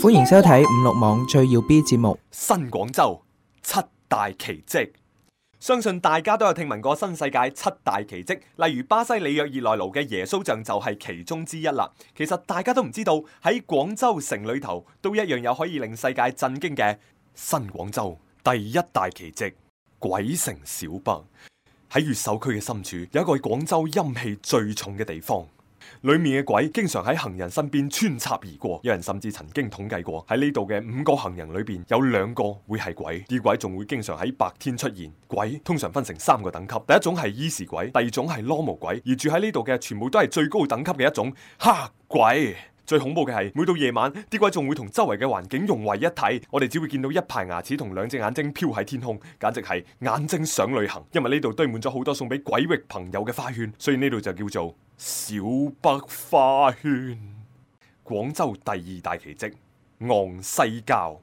歡迎收睇五六網最耀 B 節目《新廣州七大奇蹟》。相信大家都有聽聞過新世界七大奇蹟，例如巴西里約熱內盧嘅耶穌像就係其中之一啦。其實大家都唔知道喺廣州城裏頭，都一樣有可以令世界震驚嘅新廣州第一大奇蹟——鬼城小北。喺越秀區嘅深處，有一個係廣州陰氣最重嘅地方。裏面嘅鬼經常喺行人身邊穿插而過，有人甚至曾經統計過喺呢度嘅五個行人裏面有兩個會係鬼。啲鬼仲會經常喺白天出現鬼。鬼通常分成三個等級，第一種係 easy 鬼，第二種係 normal 鬼，而住喺呢度嘅全部都係最高等級嘅一種 hard 鬼。最恐怖嘅係，每到夜晚，啲鬼仲會同周圍嘅環境融為一體，我哋只會見到一排牙齒同兩隻眼睛飄喺天空，簡直係眼睛想旅行。因為呢度堆滿咗好多送俾鬼域朋友嘅花圈，所以呢度就叫做小北花圈。廣州第二大奇蹟，昂西郊。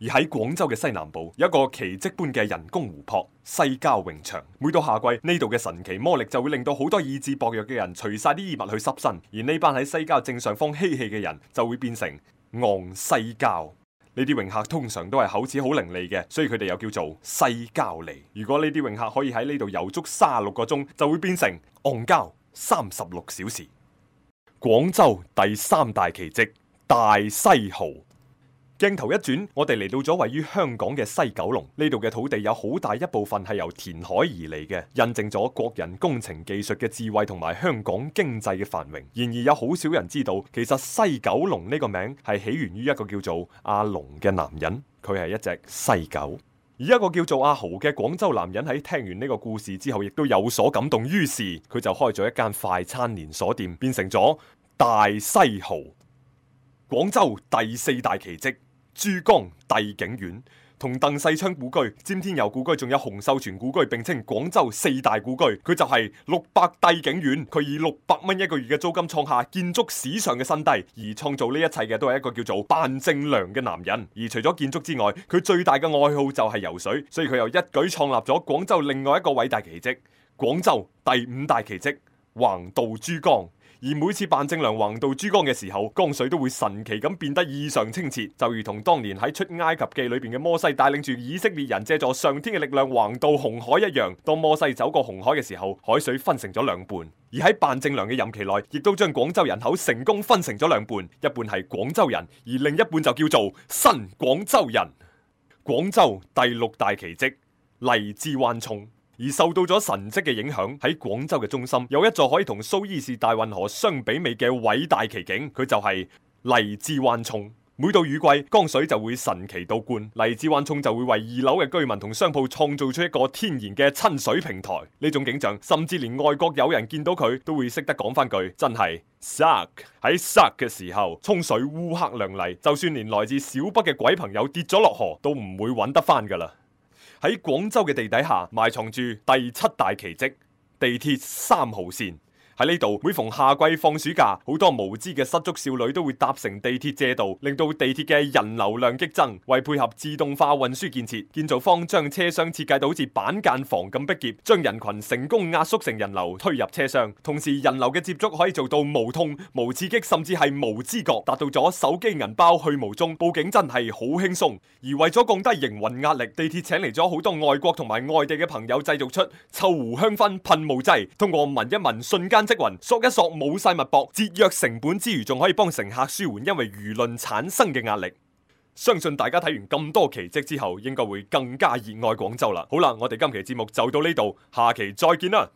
而喺廣州嘅西南部有一個奇蹟般嘅人工湖泊，西郊泳場。每到夏季，呢度嘅神奇魔力就會令到好多意志薄弱嘅人除晒啲衣物去濕身，而呢班喺西郊正上方嬉戲嘅人就會變成昂西郊。呢啲泳客通常都係口齒好伶俐嘅，所以佢哋又叫做西郊嚟。如果呢啲泳客可以喺呢度游足三十六個鐘，就會變成昂膠三十六小時。廣州第三大奇蹟，大西豪。鏡頭一轉，我哋嚟到咗位於香港嘅西九龍。呢度嘅土地有好大一部分係由填海而嚟嘅，印證咗國人工程技術嘅智慧同埋香港經濟嘅繁榮。然而有好少人知道，其實西九龍呢個名係起源於一個叫做阿龍嘅男人。佢係一隻西狗，而一個叫做阿豪嘅廣州男人喺聽完呢個故事之後，亦都有所感動，於是佢就開咗一間快餐連鎖店，變成咗大西豪——廣州第四大奇跡。珠江帝景苑同鄧世昌故居、詹天佑故居仲有洪秀全故居並稱廣州四大故居。佢就係六百帝景苑，佢以六百蚊一個月嘅租金創下建築史上嘅新低。而創造呢一切嘅都係一個叫做范正良嘅男人。而除咗建築之外，佢最大嘅愛好就係游水，所以佢又一舉創立咗廣州另外一個偉大奇跡——廣州第五大奇跡：橫渡珠江。而每次范正良橫渡珠江嘅時候，江水都會神奇咁變得異常清澈，就如同當年喺出埃及記裏邊嘅摩西帶領住以色列人借助上天嘅力量橫渡紅海一樣。當摩西走過紅海嘅時候，海水分成咗兩半。而喺范正良嘅任期內，亦都將廣州人口成功分成咗兩半，一半係廣州人，而另一半就叫做新廣州人。廣州第六大奇蹟——荔枝灣涌。而受到咗神蹟嘅影響，喺廣州嘅中心有一座可以同蘇伊士大運河相比美嘅偉大奇景，佢就係荔枝灣涌。每到雨季，江水就會神奇倒灌，荔枝灣涌就會為二樓嘅居民同商鋪創造出一個天然嘅親水平台。呢種景象，甚至連外國友人見到佢都會識得講翻句：真係 suck 喺 suck 嘅時候，沖水烏黑亮麗，就算連來自小北嘅鬼朋友跌咗落河，都唔會揾得翻噶啦。喺廣州嘅地底下埋藏住第七大奇蹟——地鐵三號線。喺呢度，每逢夏季放暑假，好多無知嘅失足少女都會搭乘地鐵借道，令到地鐵嘅人流量激增。為配合自動化運輸建設，建造方將車廂設計到好似板間房咁逼夾，將人群成功壓縮成人流推入車廂，同時人流嘅接觸可以做到無痛、無刺激，甚至係無知覺，達到咗手機、銀包去無蹤，報警真係好輕鬆。而為咗降低營運壓力，地鐵請嚟咗好多外國同埋外地嘅朋友，製造出臭狐香薰噴霧劑，通過聞一聞，瞬間。積云，索一索冇晒脈搏，節約成本之餘，仲可以幫乘客舒緩因為輿論產生嘅壓力。相信大家睇完咁多奇迹之後，應該會更加熱愛廣州啦。好啦，我哋今期節目就到呢度，下期再見啦。